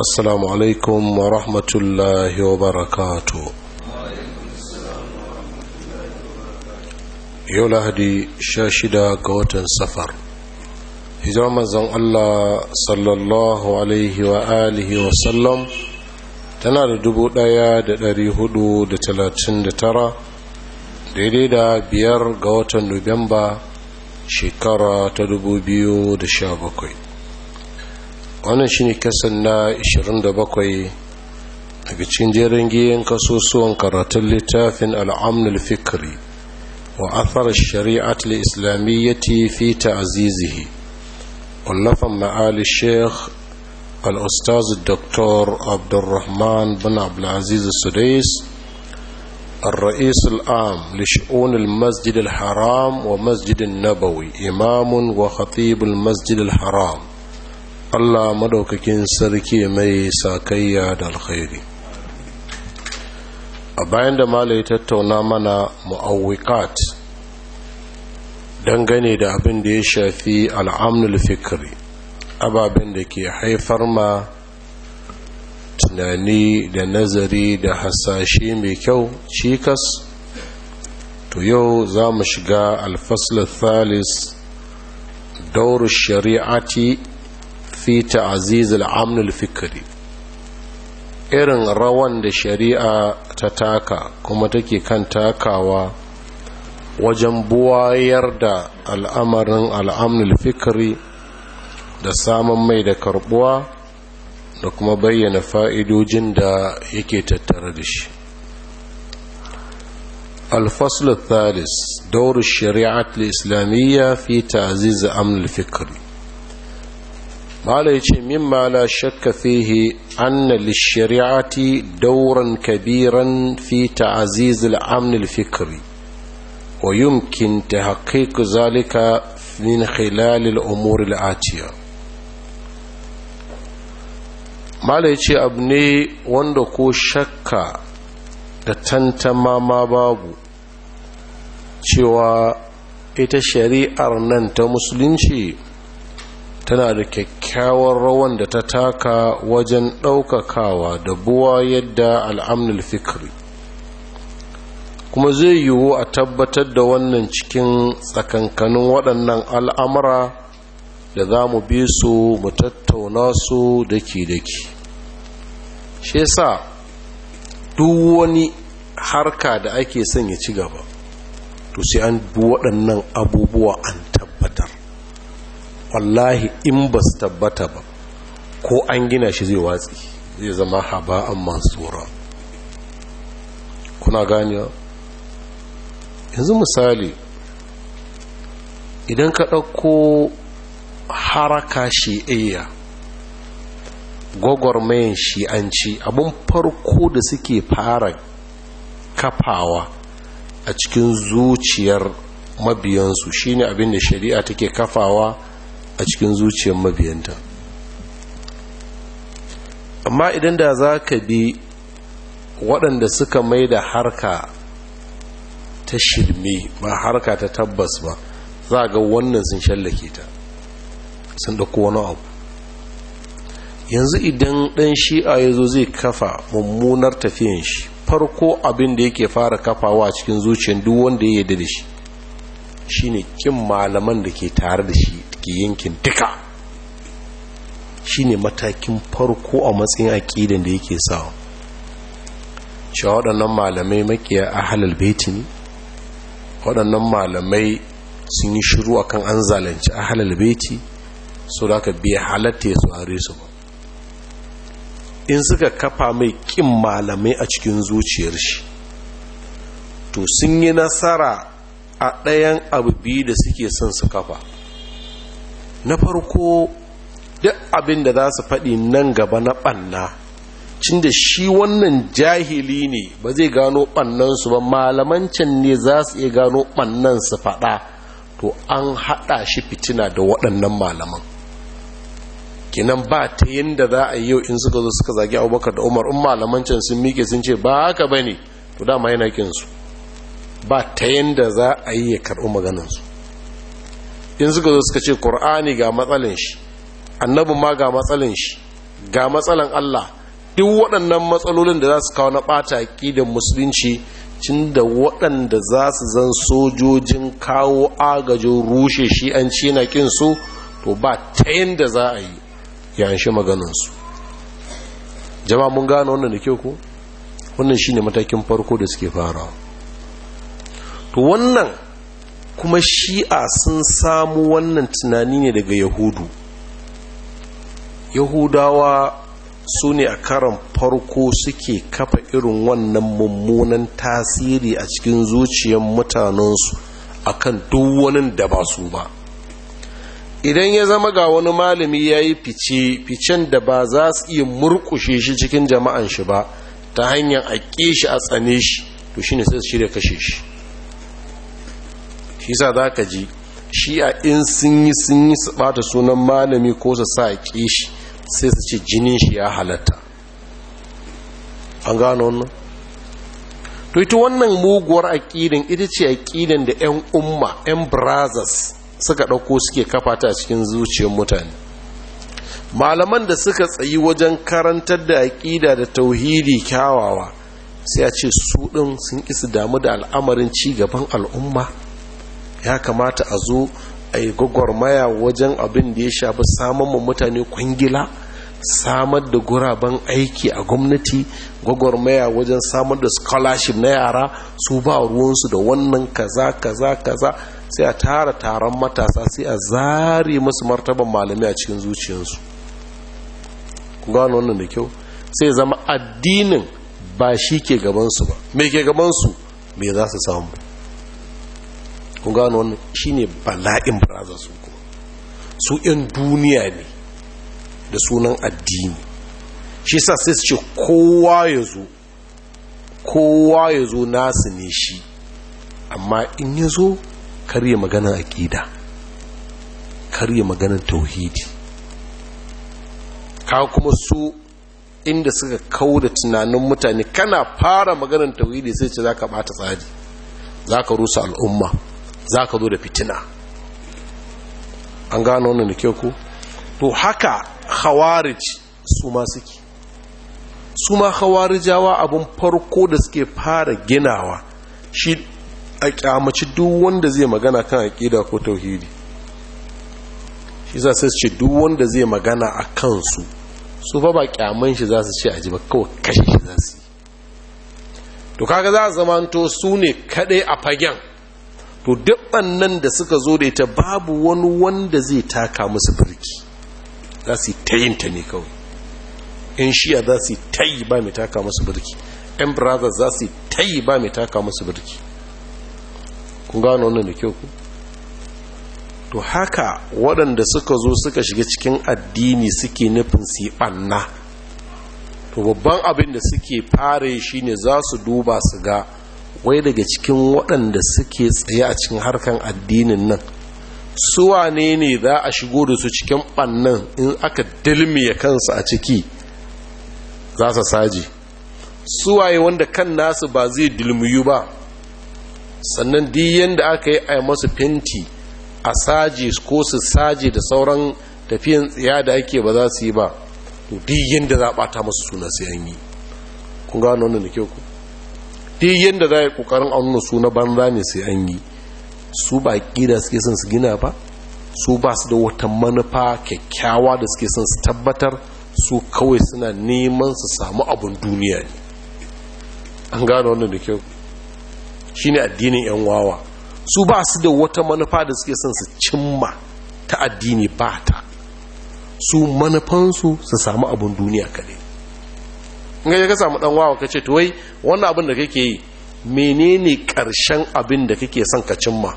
alaikum wa ورحمة wa وبركاته yau lahadi sha shida ga watan safar hijirar mazan Allah sallallahu alaihi wa alihi wa sallam tana da dubu daya da dari hudu da talatin da tara daidai da biyar ga watan nuwamba shekara ta dubu biyu da sha bakwai wannan shine kasan na 27 daga cikin jerin giyan kasusuwan karatun littafin al'amnul fikri wa athar shari'at al-islamiyyati fi ta'zizihi wallafan ma'ali sheikh alustaz ustaz dr Abdulrahman bin abdulaziz sudais الرئيس العام لشؤون المسجد الحرام ومسجد النبوي إمام وخطيب المسجد الحرام Allah madaukakin sarki mai sakayya da alkhairi a bayan da mala ya tattauna mana mu'awwiqat dangane da abin da ya shafi al'amnul fikri ababen da ke haifar ma tunani da nazari da hasashe mai kyau cikas to yau za mu shiga alfasla thalis daur shari'ati fi ta'aziz fikiri irin rawan da shari'a ta taka kuma take kan takawa wajen buwayar da al'amarin al'amnul fikiri da samun mai da karbuwa da kuma bayyana fa'idojin da yake tattare da shi الفصل الثالث دور الشريعة islamiyya fi تعزيز أمن الفكري mala ya ce mimma la shakka fihi anna lishari'ati dauran kabiran fi ta'aziz al-amn al-fikri wa yumkin tahqiq zalika min khilal al-umur al-atiya mala ya ce abu ne wanda ko shakka da tantama ma babu cewa ita shari'ar nan ta musulunci tana da kyakkyawar rawan da ta taka wajen ɗaukakawa da buwa yadda al'amnul fikri kuma zai yiwu a tabbatar da wannan cikin tsakankanin waɗannan al'amura da za mu bi su mu tattauna su daki-daki shi sa duk wani harka da ake son ya ci gaba to sai an bi waɗannan abubuwa an wallahi in ba su tabbata ba ko an gina shi zai watsi zai zama haba'an mansura kuna ganewa yanzu misali idan ka ɗauko haraka shi shi gwagwarmayan shi'anci abin farko da suke fara kafawa a cikin zuciyar mabiyansu shine abin da shari'a take kafawa a cikin zuciyar mabiyanta amma idan da za ka bi waɗanda suka mai da harka ta shirme ba harka ta tabbas ba za ga wannan sun shallake ta sun da wani abu yanzu idan ɗan shi'a ya zo zai kafa mummunar tafiyan shi farko abin da yake fara kafawa cikin zuciyar duk wanda ya yarda da shi shine kin malaman da ke tare da shi suke yankin duka shine matakin farko a matsayin aƙidan da yake sawa cewa waɗannan malamai makiya a halal baiti ne waɗannan malamai sun yi shiru akan an zalanci a halal baiti so da aka biya halatta ya saurare su ba in suka kafa mai ƙin malamai a cikin zuciyar shi to sun yi nasara a ɗayan abu biyu da suke son su kafa na farko duk abin da za su faɗi nan gaba na ɓanna cin da shi wannan jahili ne ba zai gano ɓannansu ba malamancan ne za su iya gano ɓannan su faɗa to an haɗa shi fitina da waɗannan malaman kinan ba ta yadda za a yi yau in suka zo suka zagi abubakar da umar in malamancan sun miƙe sun ce ba haka ba ne to dama yana kinsu ba ta yadda za a yi ya karɓi maganansu in suka zo suka ce ƙur'ani ga matsalin shi annabin ma ga matsalin shi ga matsalan Allah duk waɗannan matsalolin da za su kawo na ɓata da musulunci cin da waɗanda za su zan sojojin kawo agajin rushe shi an ci na su to ba ta yadda za a yi ya shi maganinsu jama'a mun gano wannan da ke ku wannan shine matakin farko da suke farawa to wannan kuma shi'a sun samu wannan tunani ne daga yahudu yahudawa su ne a karan farko suke kafa irin wannan mummunan tasiri a cikin zuciyar mutanensu a kan wani da ba su ba idan ya zama ga wani malami ya yi fice ficen da ba za su iya murkushe shi cikin jama'an shi ba ta hanyar a ƙe shi a tsane shi to shi ne sai su shirya kashe shi shi sa za ka ji shi'a in sun yi sun yi su bata sunan malami ko su sa ƙi shi sai su ce jinin shi ya halatta an gano wannan to ita wannan muguwar aƙidan ita ce aƙidan da 'yan umma 'yan brazas suka ɗauko suke kafa ta cikin zuciyar mutane malaman da suka tsayi wajen karantar da aƙida da tauhidi kyawawa sai a ce su ɗin sun isa damu da al'amarin ci gaban al'umma ya kamata a zo a yi gwagwarmaya wajen abin da ya shafi samun mu mutane kwangila samar da guraben aiki a gwamnati gwagwarmaya wajen samar da scholarship na yara su ba ruwansu da wannan kaza kaza kaza sai a tara taron matasa sai a zare masu martaban malami a cikin zuciyarsu gano wannan da kyau sai zama addinin ba shi ke gabansu ba mai ke gabansu mai za su samu kun gano wannan shine bala'in baraza su kuma su yan duniya ne da sunan addini shi sa sai su ce kowa ya zo kowa ya zo nasu ne shi amma in ya zo karye maganar aƙida karye maganar tauhidi ka kuma su inda suka kau da tunanin mutane kana fara maganar tauhidi sai ce za ka ɓata tsari za ka rusa al'umma za ka zo da fitina an gano wannan da ku to haka khawarij su ma suke su ma khawarijawa abin farko da suke fara ginawa shi a kyamaci duk wanda zai magana kan aƙida ko tauhidi shi za su ce duk wanda zai magana a kansu su fa ba kyaman shi za su ce a ji ba kawai kashe shi za su yi to kaga za a zamanto su ne kaɗai a fagen to duk wannan da suka zo da ita babu wani wanda zai taka musu birki za su ta yin ta ne kawai in shiya za su ta yi ba mai taka musu birki yan brothers za su ta yi ba mai taka musu birki kun gano wannan da kyau ku to haka waɗanda suka zo suka shiga cikin addini suke nufin su ɓanna to babban abin da suke fare ne za su duba su ga wai daga cikin waɗanda suke tsaye a cikin harkan addinin nan su wane ne za a shigo da su cikin ɓannan in aka dilmiya kansu a ciki za su saji suwaye wanda kan nasu ba zai dilmiyu ba sannan diyan da aka yi a masu fenti a saji ko su saji da sauran tafiyan tsiya da ake ba za su yi ba diyan da za a ɓata masu suna sai an yi kun gano wannan da kyau ku duk yadda za a yi ƙoƙarin auna su na banza ne sai an yi su ba ƙida suke son su gina ba su ba su da wata manufa kyakkyawa da suke son su tabbatar su kawai suna neman su samu abin duniya ne an gano wannan da kyau shi ne addinin 'yan wawa su ba su da wata manufa da suke son su cimma ta addini ba ta su manufansu su samu abin duniya kaɗai in ka samu dan wawa kace to wai wannan abin da kake yi menene ƙarshen abin da kake son ka cimma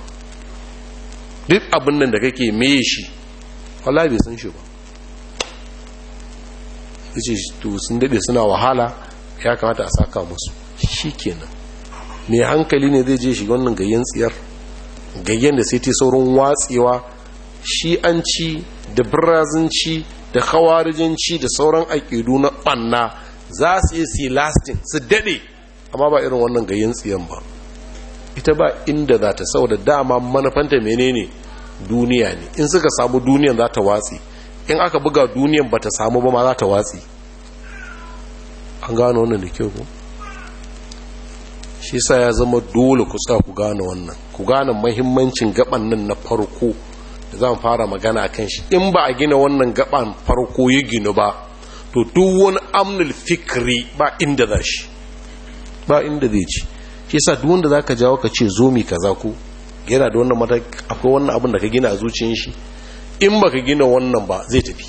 duk abin nan da kake meye shi wallahi bai san shi ba yace to sun dade suna wahala ya kamata a saka musu shikenan Mai hankali ne zai je shi wannan gayyen tsiyar gayyen da sai ta saurin watsewa shi'anci da birazinci da khawarijinci da sauran aƙidu na ɓanna za su yi si lasting su daɗe amma ba irin wannan gayin tsiyan ba ita ba inda za ta sau da dama manufanta menene duniya ne in suka samu duniyan za ta watsi in aka buga duniyan ba ta samu ba ma za ta watsi an gano wannan da kyau ko shi sa ya zama dole ku sa ku gane wannan ku gane mahimmancin gaban nan na farko da zan fara magana kan shi in ba a gina wannan gaban farko ya ginu ba to duk wani amnul fikri ba inda za shi ba inda zai ci ke sa duk wanda ka jawo ka ce zo mi za ku? yana da wannan mata akwai wannan abin da ka gina a zuciyar shi in ka gina wannan ba zai tafi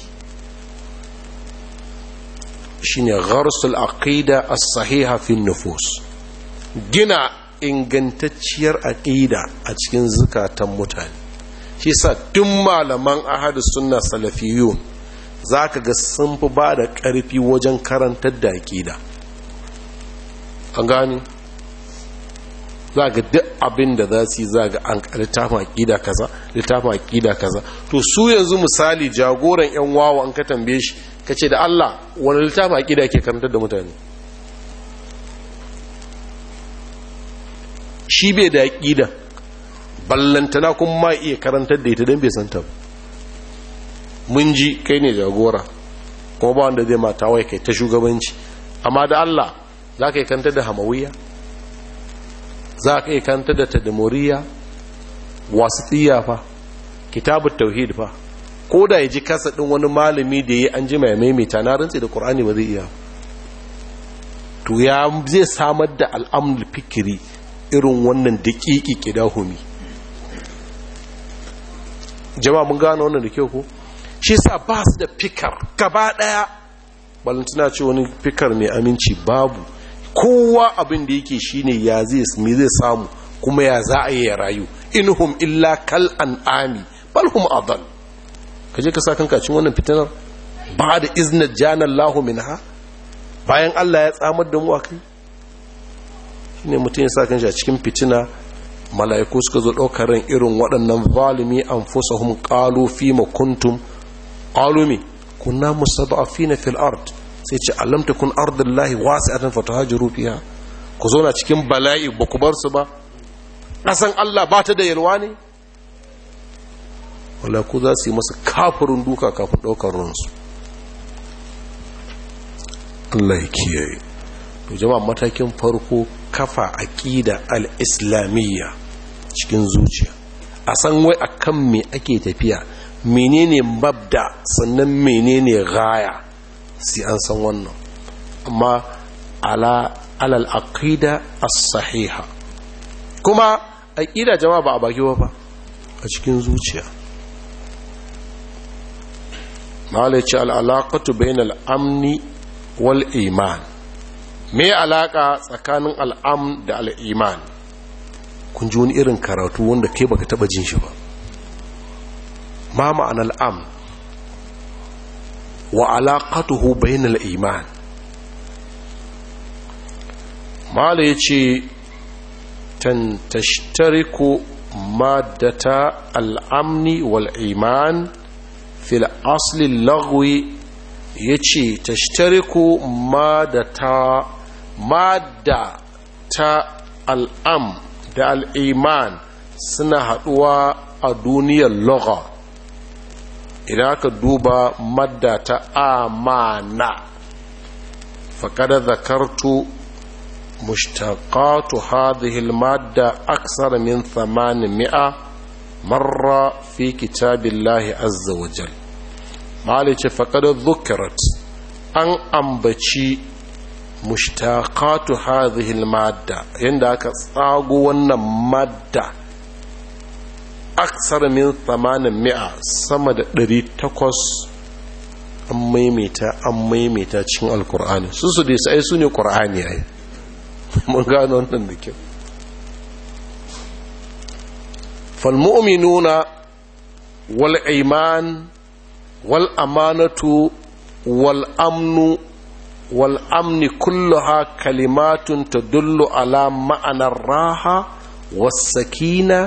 shine gharsul aqida as-sahiha fi nufus gina ingantacciyar aqida a cikin zukatan mutane shi sa duk malaman ahadu sunna salafiyun za ka ga sun fi ba da ƙarfi wajen karantar da aƙida an gani za ga duk abin da za su yi za ga an littafin aƙida kaza kaza to su yanzu misali jagoran yan wawa an ka tambaye shi ka ce da allah wani littafin aƙida ke karantar da mutane shi bai da aƙida ballantana kuma ma iya karantar da ita don bai santa ba mun ji kai ne jagora kuma ba wanda zai mata wai kai ta shugabanci amma da Allah za ka yi kanta da hamawiya za ka yi kanta da wasu tsiya fa kitabun tauhid fa ko da ya ji kasa ɗin wani malami da ya an ji mai maimaita na rantsi da ƙur'ani ba zai iya to ya zai samar da al'amul fikiri irin wannan daƙiƙi ƙidahumi jama'a mun gano wannan da kyau ko shi sa ba su da fikar gaba ɗaya balintuna ce wani fikar mai aminci babu kowa abin da yake shi ne ya zai samu kuma ya za a yi ya rayu inhum illa kal an'ami bal hum adal ka je ka sa kanka cin wannan fitinar ba da izinin janar lahu minha bayan Allah ya tsamar da mu a kai shine mutum ya sa a cikin fitina mala'iku suka zo ɗaukar ran irin waɗannan zalimi anfusahum ƙalofi ma kuntum qalumi kunna mustad'afina fil ard sai ce alam takun ardullahi wasi'atan fatahajiru fiha ku zo na cikin bala'i ba ku bar su ba kasan Allah ba ta da yalwa ne wala ku za su yi masa kafirin duka kafin daukar su Allah ya kiyaye to jama'a matakin farko kafa aqida al-islamiyya cikin zuciya a san wai akan me ake tafiya menene mabda sannan menene gaya sai an san wannan amma ala alal aqida as-sahiha kuma aqida jama'a ba a baki ba a cikin zuciya malaci al'alaƙatu bayan al'amni wal iman me alaƙa tsakanin al'am da al'iman kun ji wani irin karatu wanda ke baka taɓa jin shi ba ma ma'anar am wa alaƙatuhu bainal iman mala ya ce tantashtariku maddata al'amni wal iman fil asli lagwi ya ce tashtariku maddata ta al'am da al'iman suna haɗuwa a duniyar lagos idan aka duba madda ta amana faƙa da zakartu mustaqatu hadhihi almadda aksar min 800 marra fi kitabillahi azzawajal wa jal malice faqad dhukirat an ambaci mustaqatu hadhihi almadda inda aka tsago wannan madda aksar min tsamanin mi'a sama da takwas an maimaita an maimaita cikin alkur'ani su su dai sai su ne ya yi mun gano wannan da kyau falmu'minuna wal iman wal amanatu wal amnu wal amni kulluha kalimatun tadullu ala ma'anar raha was sakina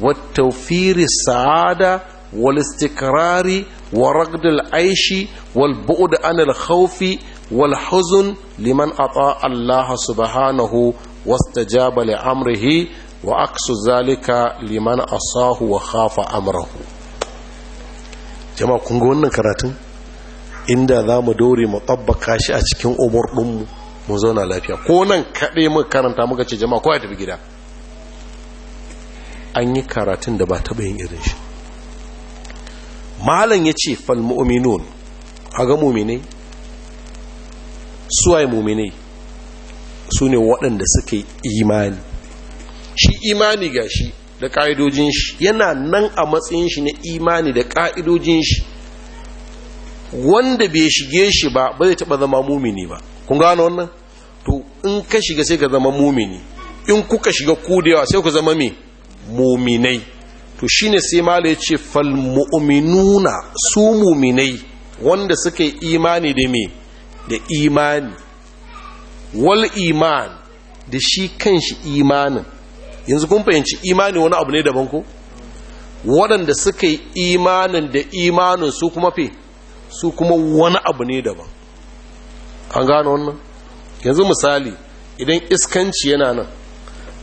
والتوفير السعادة والاستقرار ورقد العيش والبعد عن الخوف والحزن لمن أطاع الله سبحانه واستجاب لأمره وعكس ذلك لمن أصاه وخاف أمره jama'a kun ga wannan karatun inda za mu dore mu tabbaka shi a cikin umur ɗinmu mu zauna lafiya ko nan kaɗai muka karanta muka ce jama'a ko ya tafi gida an yi karatun da ba taɓa yin irin shi malam ya ce falmu'minun a ga muminai suwaye muminai su ne waɗanda suka yi imani shi imani ga shi da ƙa'idojin shi yana nan a matsayin shi na imani da ƙa'idojin shi wanda bai shige shi ba ba zai taɓa zama mumini ba kun gano wannan to in ka shiga sai ka zama mumini in kuka shiga ku sai ku zama mai muminai to shine sai mala ya ce fal mu'minuna su muminai wanda suka yi imani da me da imani wal iman da shi kanshi imanin yanzu kun fahimci imani wani abu ne daban ko waɗanda suka yi imanin da imanin su kuma fe su kuma wani abu ne daban an gano wannan yanzu misali idan iskanci yana nan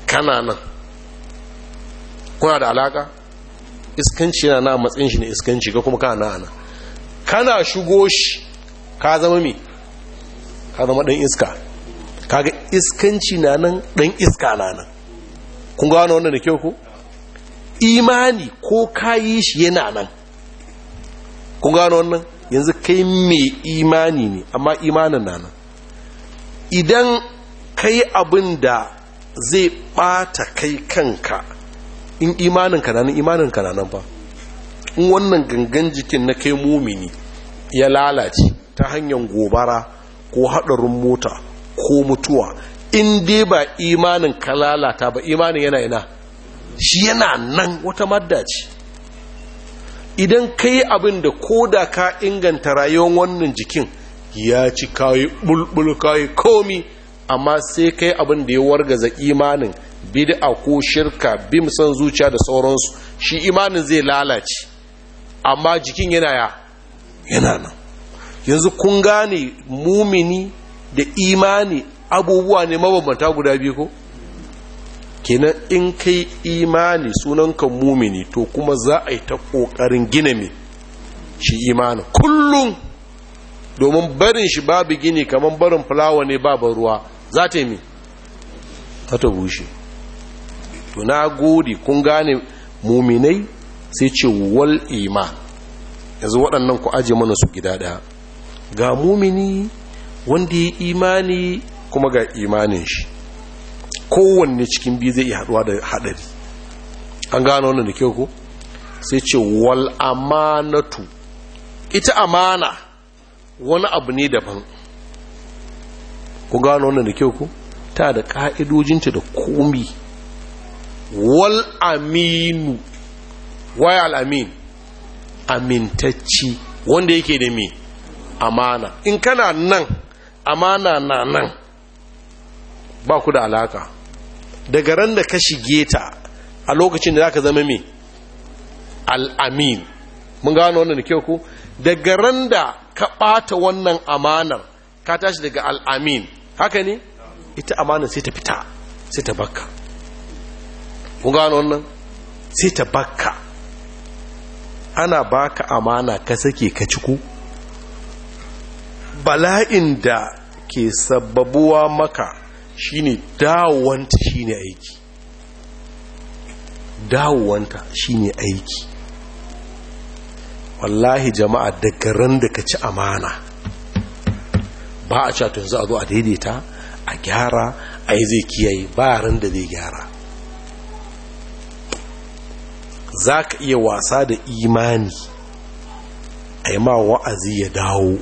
kana nan kuna da alaka iskanci yana na matsayin shi ne iskanci ka kuma ka na ana kana shigo shi ka zama me? ka zama dan iska kaga iskanci na nan dan iska na nan kun gano wannan da kyau ku imani ko kayi shi yana nan kun gano wannan yanzu kai mai imani ne amma imanin na nan idan kai abin da zai bata kai kanka in imanin ka nan imanin ka nan fa in wannan gangan jikin na kai mumini ya lalace ta hanyar gobara ko hadarin mota ko mutuwa in dai ba imanin ka lalata ba imanin yana ina shi yana nan wata maddaci. idan kai yi abin da ko da ka inganta rayuwar wannan jikin ya ci kayi bulbul kayi komi amma sai kai abin da ya wargaza imanin bid'a ko shirka bi san zuciya da sauransu shi imanin zai lalace amma jikin yana ya yana nan yanzu kun gane mumini da imani abubuwa ne mabambanta guda biyu ko kenan in kai imani sunanka mumini to kuma za a yi ta ƙoƙarin gina mai shi imanin kullum domin barin shi babu gini kamar barin fulawa ne babu ruwa za ta yi mi ta bushe to na gode kun gane muminai sai ce wal iman yanzu waɗannan ku aje mana su gida ɗaya ga mumini wanda ya imani kuma ga imanin shi kowanne cikin biyu zai yi haɗuwa da haɗari an gano wannan da kyau ko sai ce wal amanatu ita amana wani abu ne daban ku gano wannan da kyau ko ta da ƙa'idojinta da komi Wal'aminu. aminu waya al'amin amintacci wanda yake da me amana in kana nan amana na nan ba ku da alaka daga ran da ka shige ta a lokacin da zaka zama me al'amin mun gano wannan da kyau ku daga ran da ka ɓata wannan amanar ka tashi daga al'amin haka ne ita amanar sai ta fita sai ta bakka ku gano wannan sai ta baka ana baka amana ka sake ka ciku bala'in da ke sababuwa maka shine dawowanta shine aiki dawowanta shine aiki wallahi jama'a daga ran da ka ci amana ba a catun za a zo a daidaita a gyara a yi zai kiyaye ba ran da zai gyara za ka iya wasa da imani a yi ma wa'azi ya dawo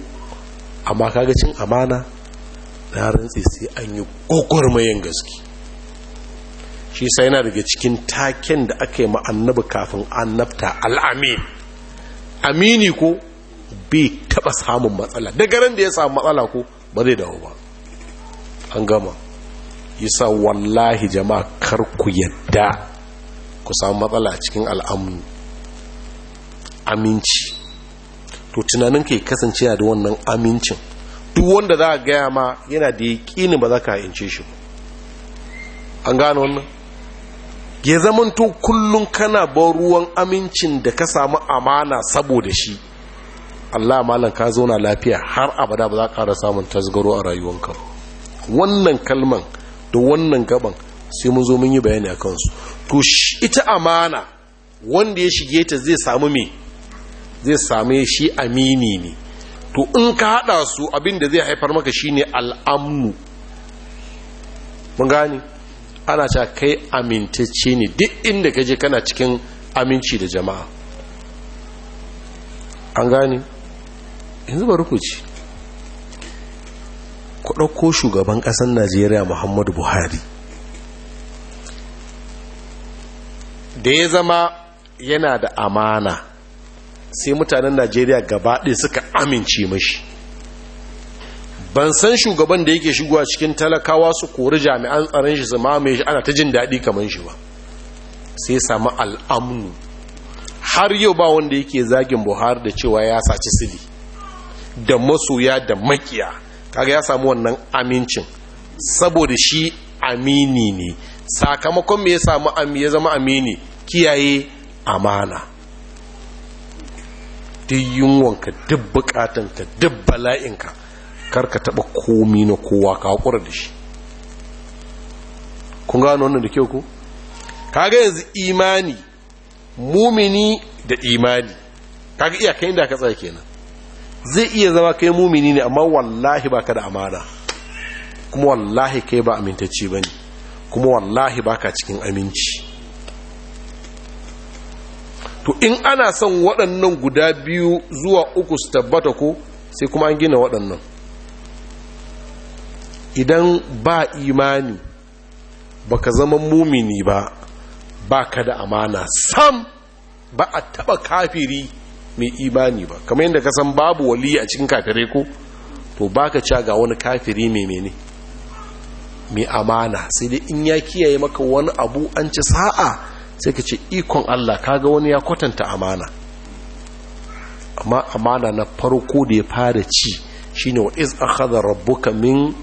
amma kaga cin amana na rantsi sai an yi mayan gaske shi sai yana daga cikin taken da aka yi ma'annabi kafin annabta al'amin amini ko bai taɓa samun matsala daga ran da ya samu matsala ko ba zai dawo ba an gama sa wallahi jama'a kar ku yadda ku samu matsala a cikin al'amuni aminci to tunanin ka yi kasance da wannan amincin duk wanda za a gaya ma yana da yaƙini ba za ka haince shi an gano wannan ya zamanto kullum kana ban ruwan amincin da ka samu amana saboda shi Allah malam ka zauna lafiya har abada ba za ka ƙara samun tasgaro a rayuwanka wannan kalman da wannan gaban sai mun zo mun yi bayani a kansu to ita amana wanda ya shige ta zai samu me zai ya shi amini ne to in ka hada su abin da zai haifar maka shine al'amnu mun gani ana ta kai amintacce ne duk inda ka kana cikin aminci da jama'a an gani yanzu bari ku ci ku ɗauko shugaban ƙasar najeriya muhammadu buhari da ya zama yana da amana sai mutanen najeriya gabaɗe suka amince mashi ban san shugaban da yake shigowa cikin talakawa su kori jami'an tsaron shi su mamaye shi ana ta jin daɗi kamar shi ba sai samu al'amnu har yau ba wanda yake zagin buhari da cewa ya saci sili da masoya da makiya kaga ya samu wannan amincin saboda shi amini ne sakamakon me ya samu ya zama amini kiyaye amana duk yunwanka duk bukatanka duk bala'inka karka taba komi na kowa ka hakura da shi kun gano wannan da kyau ku kaga yanzu imani mumini da imani kaga iya kai inda ka tsaya kenan zai iya zama kai mumini ne amma wallahi ba ka da amana kuma wallahi kai ba amintacce ne. kuma wallahi baka cikin aminci to in ana son waɗannan guda biyu zuwa uku su tabbata ko sai kuma an gina waɗannan idan ba imani baka zama mumini ba baka da amana sam ba a taba kafiri mai imani ba kamar yadda ka san babu wali a cikin kafirai ko to baka ca ga wani kafiri mai mene mai amana sai dai in ya kiyaye maka wani abu an ci sa'a sai ka ce ikon Allah kaga wani ya kwatanta amana amma amana na farko da ya fara ci shine wa iz akhadha rabbuka min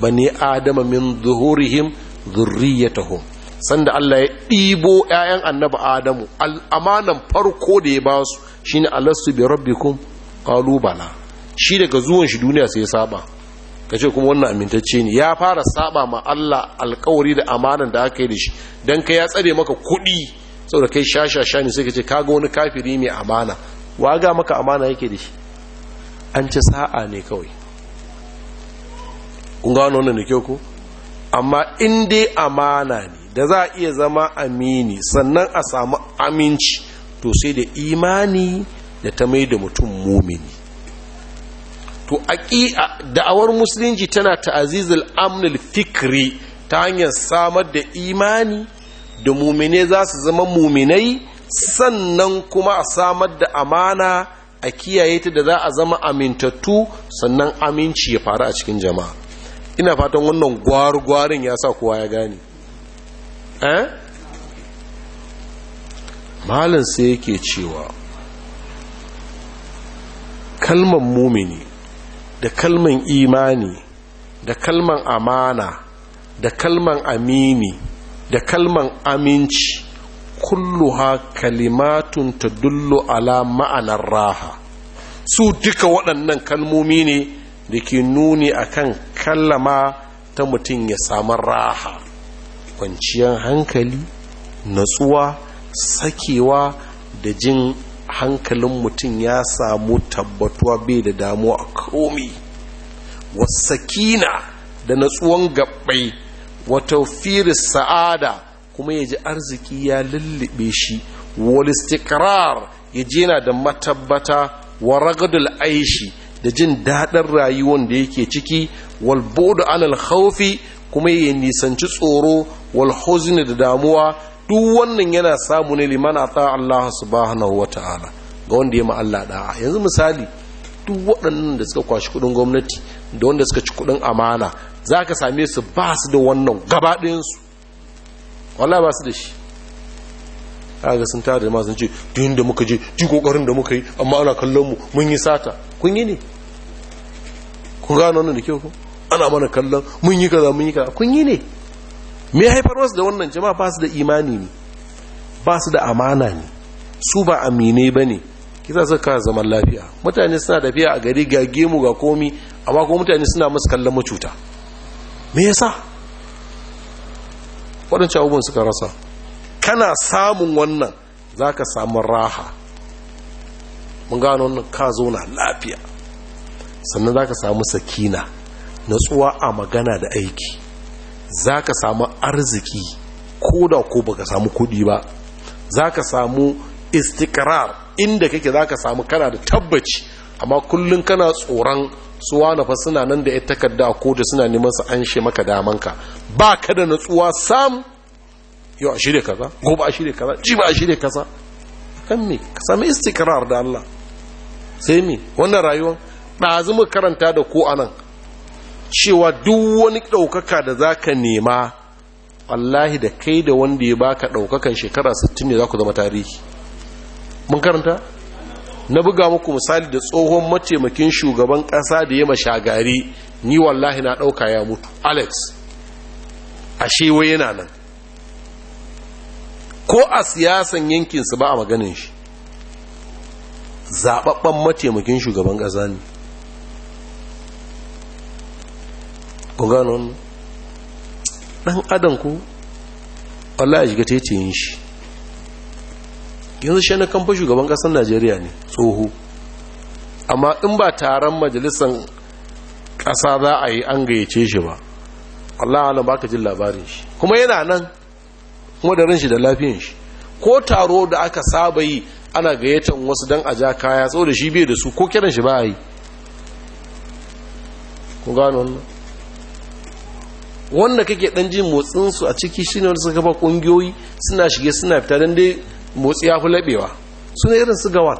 bani adama min zuhurihim dhurriyyatahum sanda Allah ya ɗibo 'ya'yan annabi Adamu amanan farko da ya basu shine alastu bi rabbikum qalu bala shi daga zuwan shi duniya sai ya saba ka ce kuma wannan amintacce ne ya fara saba ma Allah alkawari da amanan da aka yi da shi don kai ya tsare maka kuɗi da kai shashasha ne sai ka ce kaga wani kafiri mai amana waga maka amana yake da shi an ci sa'a ne kawai kun gano wannan da kyau ku? amma in dai amana ne da za a iya zama amini sannan a samu aminci to sai da imani da ta mai da mutum mumini to da'awar musulunci tana ta'azizul amnul fikiri ta hanyar samar da imani da mumine za su zama muminai sannan kuma a samar da amana a kiyaye ta da za a zama amintattu sannan aminci ya faru a cikin jama'a ina fatan wannan gwarin ya sa kowa ya gane eh malin sai yake cewa kalmar mumini da kalman imani da kalman amana da kalman amini da kalman aminci kulluha kalimatun tadullu ala ma'anar raha su duka waɗannan kalmomi ne da ke nuni akan kallama ta mutum ya samu raha kwanciyar hankali natsuwa sakewa da jin hankalin mutum ya samu tabbatuwa bai da damuwa a komi wasakina da natsuwan gabbai wata firi sa'ada kuma ya ji arziki ya lullube shi walistikrar ya je na da matabbata wa ragadul aishi da jin daɗin rayuwan da yake ciki walbodu anal haufi kuma ya nisanci tsoro wal da damuwa duk wannan yana samu ne liman ata Allah subhanahu ta'ala ga wanda ya ma'alla Allah da'a yanzu misali duk waɗannan da suka kwashi kudin gwamnati da wanda suka ci kudin amana za ka same su ba su da wannan gabaɗinsu wallah ba su da shi ga sun tare da masu ce duyin da muka je ji kokarin da muka yi amma ana kallon mu mun yi sata kun yi ne ku gano wannan da kyau ku ana mana kallon mun yi kaza mun yi kaza kun yi ne me ya haifar wasu da wannan jama'a ba su da imani ne ba su da amana ne su ba amine ba ne kisa su kawo zaman lafiya mutane suna tafiya a gari ga gemu ga komi amma kuma mutane suna masu kallon macuta me ya sa? waɗancan abubuwan suka rasa kana samun wannan za ka samu raha mun gano wannan ka zauna lafiya sannan za ka samu sakina natsuwa a magana da aiki za ka samu arziki ko da ko baka samu kudi ba za ka samu istikrar inda kake za ka samu kana da tabbaci amma kullum kana tsoron suwa na fa suna nan da ya takarda ko da suna neman su an she maka damanka ba ka da natsuwa sam yau a shirya kaza gobe a shirya kaza ji ba a shirya kaza kan me ka sami istikrar da Allah sai me wannan rayuwar ɗazu mu karanta da ko anan cewa duk wani ɗaukaka da za ka nema wallahi da kai da wanda ya baka ɗaukakan shekara 60 ne za ku zama tarihi mun karanta na buga muku misali da tsohon mataimakin shugaban ƙasa da ya mashagari ni wallahi na ɗauka ya mutu alex a shewa yana nan ko a siyasan yankinsu ba a maganin shi zaɓaɓɓen mataimakin shugaban ƙasa ne ku gano wannan dan adam ku Allah ya shiga taitayin shi yanzu shi kamfa shugaban kasar najeriya ne tsoho amma in ba taron majalisar ƙasa za a yi an gayyace shi ba Allah alam ka jin labarin shi kuma yana nan Kuma madarin shi da lafiyan shi ko taro da aka saba yi ana gayyatar wasu don a ja kaya da shi biyu da su ko kiran shi ba a yi ku gano wannan wanda kake dan jin motsin su a ciki shine wanda suka ba kungiyoyi suna shige suna fita dan dai motsi ya fi labewa suna irin su gawa.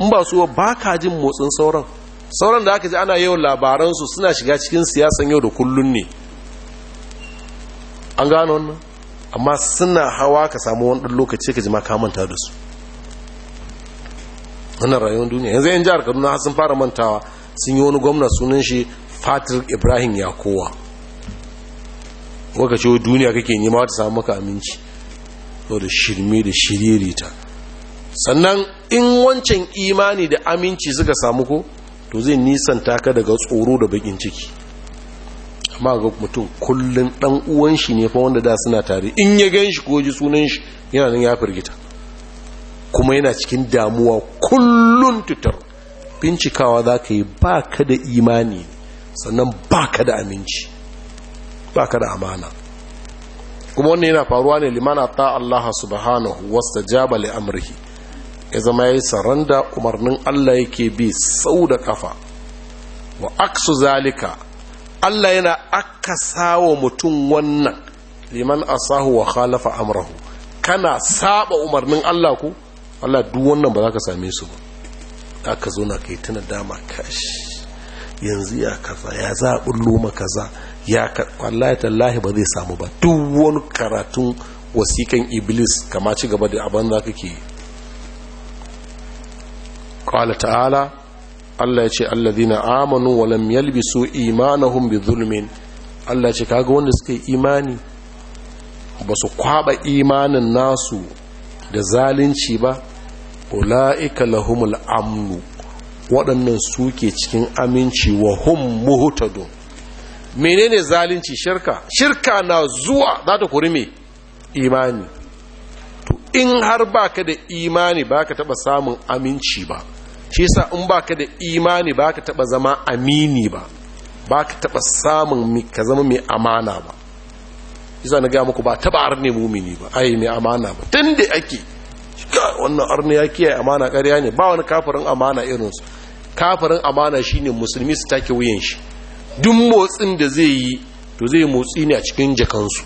in ba su ba ka jin motsin sauran sauran da aka ji ana yawan labaran su suna shiga cikin siyasan yau da kullun ne an gano wannan amma suna hawa ka samu wani dan lokaci ka ji ma ka manta da su wannan rayuwar duniya yanzu yan jihar kaduna sun fara mantawa sun yi wani gwamna sunan shi fatir ibrahim yakowa waka ce duniya kake nema ta samu maka aminci to da shirme da shiririta sannan in wancan imani da aminci suka samu ko to zai nisanta ka daga tsoro da bakin ciki amma ga mutum kullun dan uwan shi ne fa wanda da suna tare in ya gan shi ko ji sunan shi yana nan ya firgita kuma yana cikin damuwa kullun tutar bincikawa za ka yi ba da imani sannan baka da aminci ba ka da amana kuma wannan yana faruwa ne limana ta Allah subhanahu wa jaba li amrihi ya zama ya yi saranda umarnin Allah yake bi sau da kafa wa aksu zalika Allah yana akasa wa mutum wannan liman asahu wa khalafa amrahu kana saba umarnin Allah ku Allah duk wannan ba za ka same su ba ka zo na kai tuna dama kashi yanzu ya kaza ya za a bullo maka kaza ya wallahi tallahi ba zai samu ba duk wani karatun wasikan iblis kama ci gaba da abin za kake ƙwala ta'ala Allah ya ce alladhina amanu wa lam yalbisu imanahum bi zulmin Allah ya ce kaga wanda suka yi imani ba su kwaba imanin nasu da zalunci ba ula'ika lahumul amnu waɗannan suke cikin aminci wa hum muhtadun menene zalunci shirka shirka na zuwa za ta kori me imani to in har baka da imani baka taba samun aminci ba shi yasa in baka da imani baka taba zama amini ba baka taba samun ka zama mai amana ba yasa na ga muku ba taba arne mumini ba ai mai amana ba tun da ake wannan arne ya kiyaye amana ƙarya ne ba wani kafirin amana irinsu kafirin amana shine musulmi su take wuyan shi duk motsin da zai yi to zai motsi ne a cikin jakansu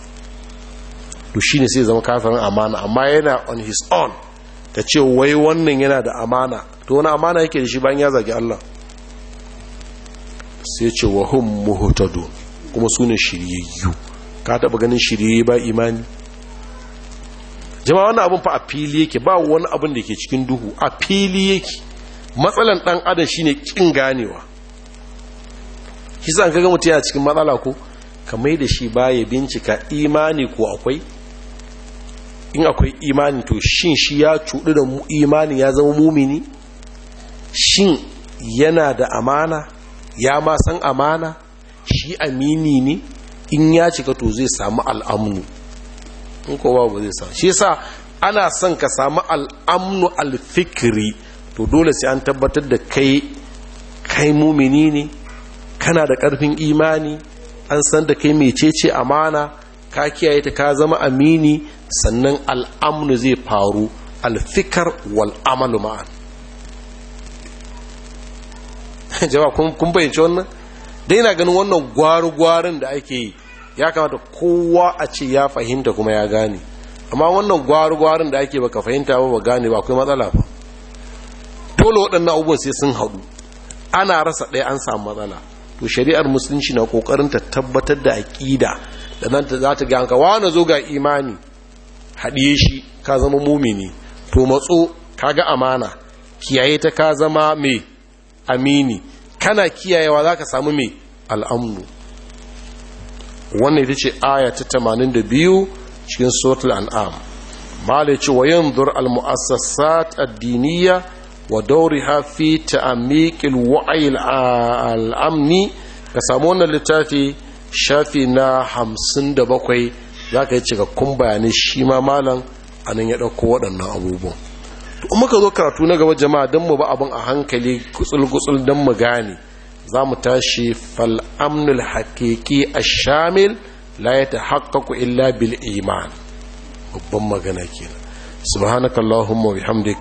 to shi ne sai zama kafirin amana amma yana on his own ta ce wai wannan yana da amana to wani amana yake da shi bayan ya zagi Allah sai ce wa hun muhutado kuma su ne shiryayyu ka taɓa ganin shiryayyu ba imani jama'a wannan abin fa a fili yake ba wani abin da ke cikin duhu a fili yake matsalan ɗan adam shine ƙin ganewa hisa an kaga mutum yana cikin matsala ko da shi baya bincika imani ko akwai in akwai imani to shin shi ya cudi da imani ya zama mumini shin yana da amana ya ma san amana shi amini ne in ya cika to zai samu al'amnu in kowa ba zai samu shi sa ana son ka samu al'amnu alfikiri to dole sai an tabbatar da kai kai mumini ne kana da ƙarfin imani an san da kai mecece amana ka kiyaye ta ka zama amini sannan al'amnu zai faru alfikar wal amalu ma'an jama'a kun bayyance wannan dai na ganin wannan gwaru-gwarin da ake yi ya kamata kowa a ce ya fahimta kuma ya gane amma wannan gwaru-gwarin da ake baka fahimta ba ba gane ba akwai matsala ba dole waɗannan abubuwan sai sun haɗu ana rasa ɗaya an samu matsala to shari'ar musulunci na kokarin ta tabbatar da aqida da nan ta zata ga hanka na zo ga imani hadiye shi ka zama mumini to matso kaga amana kiyaye ta ka zama mai amini kana kiyayewa zaka samu mai al'amnu wannan ita ce aya ta 82 cikin suratul an'am malai ce wa al mu'assasat ad wa dauriha fi ta'amiqil wa'il al'amni ka samu wannan littafi shafi na hamsin da bakwai za ka yi cikakkun bayanai shi ma malam a nan ya ɗauko waɗannan abubuwan in muka zo karatu na gaba jama'a don mu ba abun a hankali gutsul-gutsul don mu gane za mu tashi fal'amnul hakiki a shamil la ya illa bil iman babban magana kenan subhanakallahumma bihamdik